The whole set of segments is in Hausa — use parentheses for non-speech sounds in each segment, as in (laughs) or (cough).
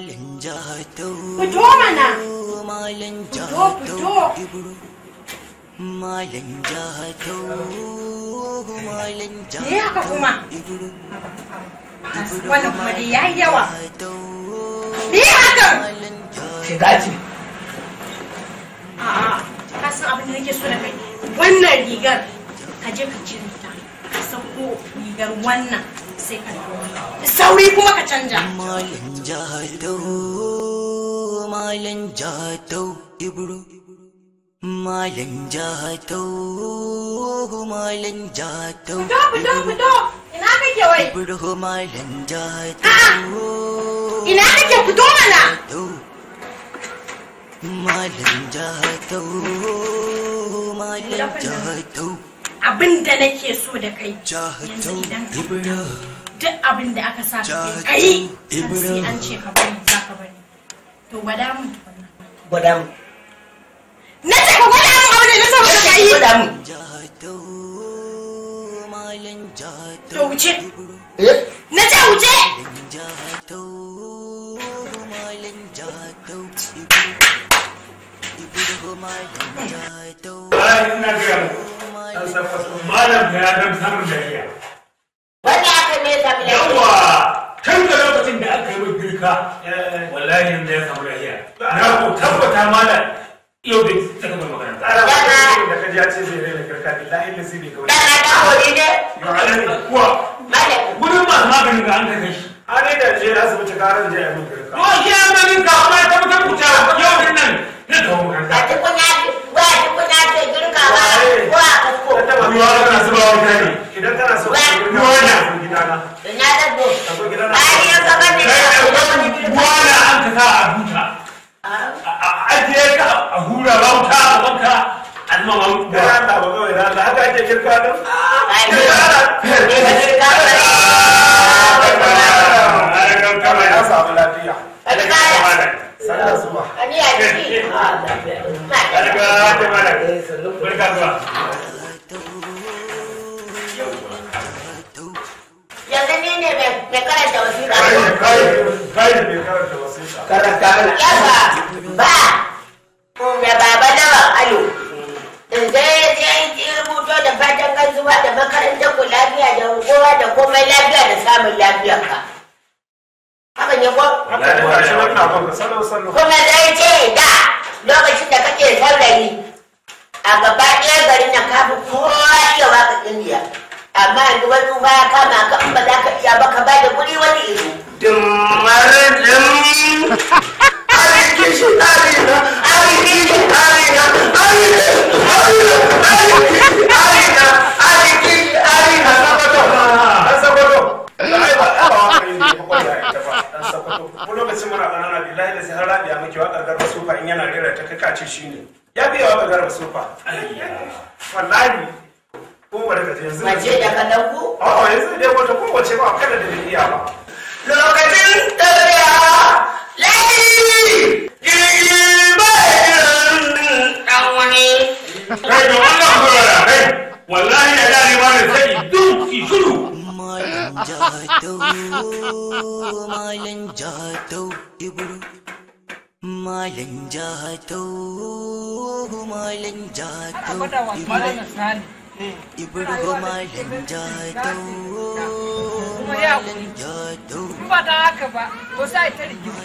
malin jato mana malin jato malin jato malin jato ya kuma wannan kuma yawa ni wannan rigar ka je ka cire ta ka sauko rigar wannan sai ka sauri kuma ka canja jahadau malan jahadau ibro malan jahadau malan jahadau fito fito malan ina kake fito mana malan malan nake so da kai yanzu idan duk abin da aka sa ka kai sai an ce ka bari za ka bari to gwada mun tukunna gwada mun na ce ka gwada mun aure na saboda ka yi gwada mun to wuce eh? na ce wuce Malam ya dan samun dariya. yawa tun da lokacin da aka yi mai girka wallahi yanzu ya samu lahiya na ku tabbata mana yau da ta gama magana tsara ba da kaji ya ce zai rena girka bi lazi ne kawai dana ta hori ne yohanan kuwa gudun masu maganin ga an kai shi an yi da je asibiti karar je a yi mai girka. Ko an samu lafiya sannan zuwa ƙarfi malam barka zuwa eh, yanzu ne ne mai karanta wasiƙa kai ne mai karanta wasiƙa karanta ba da baba nawa alo zai je rubuto da fatan kan zuwa da makarantar ku lafiya da unguwa da komai lafiya da samun lafiyar ka ne ko kuma zai ce da lokacin da kake saurayi a gaba ɗaya garin nan kafin kowa iya waka indiya amma yanzu wani ba ya kama ka in ba za ka iya ba ka ba da wani iri dimmar dim arikin shi arina arikin shi arina arikin arina arikin arina sabato sabato a sakwato ko lokacin muna ƙanana billahi da sai har rabiya muke waƙar garba sufa in yana rera ta kaka ce shi ne ya biya waƙar garba sufa wallahi ko ba da yanzu ba ce da kalanku a'a yanzu dai wata ko ba kada da iya ba malan jatau ibru malan jatau malan jatau ibru malan jatau malan jatau ba da haka ba ko sai ta rigima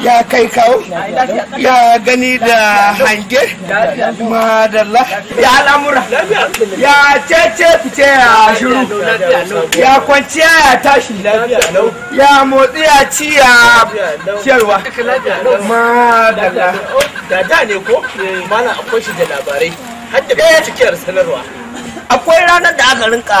ya kai kawo ya gani da hange madalla ya al'amura ya cece fice ya shuru ya kwanci ya tashi ya motsi ya ci ya ciyarwa madalla da da ne ko mana akwai shi da labarai har da eh. cikiyar sanarwa akwai ranar da aka rinka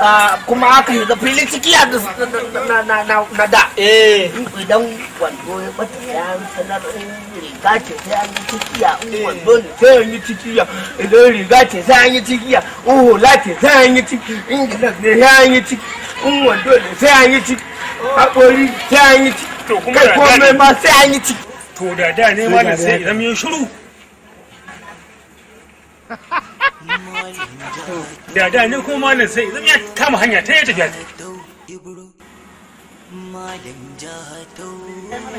Ah, kuma aka yi shiga filin ciki a na da eh. idan wando ya bata ya sanar riga ce sai an yi cikiya in eh. wando ne sai an yi cikiya idan riga ce sai an yi cikiya in la ce sai an yi ciki in gilas ne sai an yi ciki in wando ne sai an yi ciki haƙori sai an yi ciki kai komai ma sai an yi ciki to da da ne ma da sai idan yin shiru (laughs) da da ne kuma malam sai ya kama hanya ta ya malam jahato malam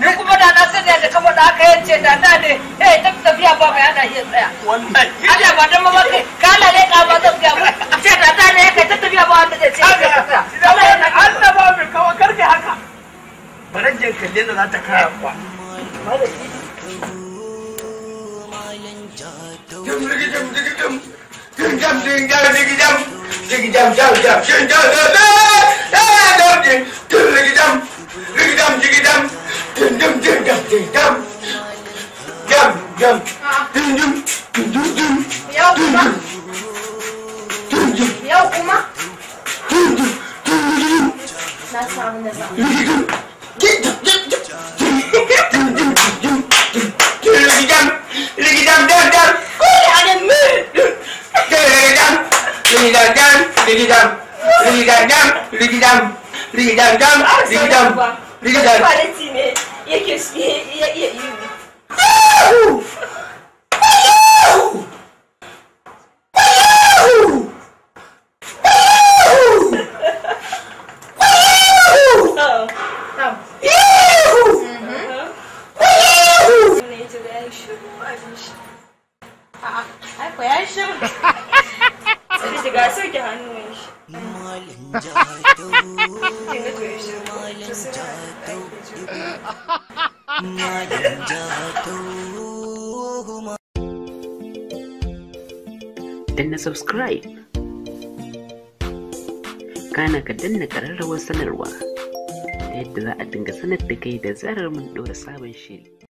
ne kuma da yanzu da da kama da aka yance da da ne eh ta tafiya ba mai ana iya tsaya wallahi Allah ba dan mama ka la ne ka ba zan ga mu ce da ne kai ta tafiya ba wanda zai ce Allah ya Allah ba mu kawo karke haka baran je kalle da ta kara kwa Jigidam, jigidam, jigidam, Düm düm düm düm düm düm. Düm düm. Düm düm. Düm düm düm. Ya okuma. Düm düm. Ya okuma. Düm düm. Düm düm. Nasıl abi ne zaman? Düm düm. Düm düm düm. Liderdem, liderdem, liderdem, liderdem, liderdem, liderdem, liderdem, liderdem, liderdem, liderdem, You can see it. You, oh. mm-hmm. you, you. No! No! No! Conhece? Sai ga soke hannun danna subscribe kana ka danna kararrawar sanarwa ta yadda za a dinga sanar da kai da zarar mun ɗora sabon shiri